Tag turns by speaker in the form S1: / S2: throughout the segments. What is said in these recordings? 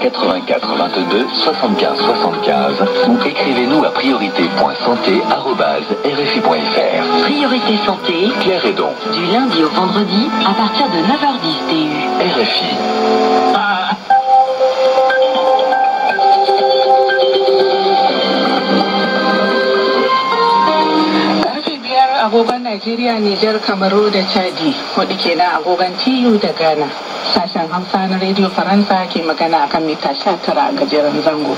S1: 84 22 75 75 ou écrivez-nous à priorité.santé.rfi.fr. Priorité Santé, Claire Edon. Du lundi au vendredi à partir de 9h10 TU. RFI. agogon Najeriya, Nijar, Kamaru da Chadi, hudu na agogon TU da Ghana. Sashen Hausa na Radio Faransa ke magana akan mita 19 a gajeren zango.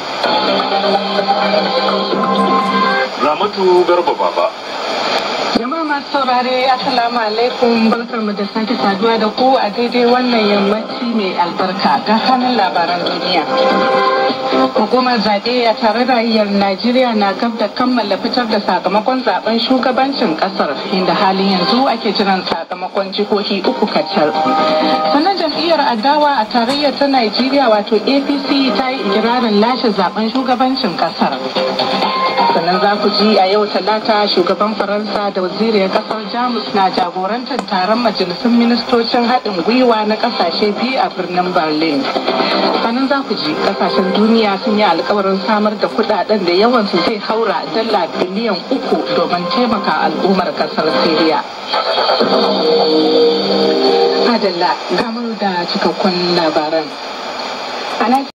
S1: Ramatu Garba Baba saurare assalamu alaikum mu da sake saduwa da ku a daidai wannan yammaci mai albarka ga kanin labaran duniya hukumar zaɓe a tare rayyar najeriya na gab da kammala fitar da sakamakon zaben shugabancin ƙasar inda halin yanzu ake jiran sakamakon jihohi uku kacal sannan jam'iyyar adawa a tarayyar ta najeriya wato apc ta yi ikirarin lashe zaben shugabancin ƙasar sannan za ku ji a yau talata shugaban faransa da wazirin kasar jamus na jagorantar taron majalisun ministocin haɗin gwiwa na ƙasashe biyu a birnin berlin sannan za ku ji ƙasashen duniya sun yi alkawarin samar da kuɗaɗen da yawansu zai haura dala biliyan uku domin taimaka al'ummar ƙasar syria adalla gamar da cikakkun labaran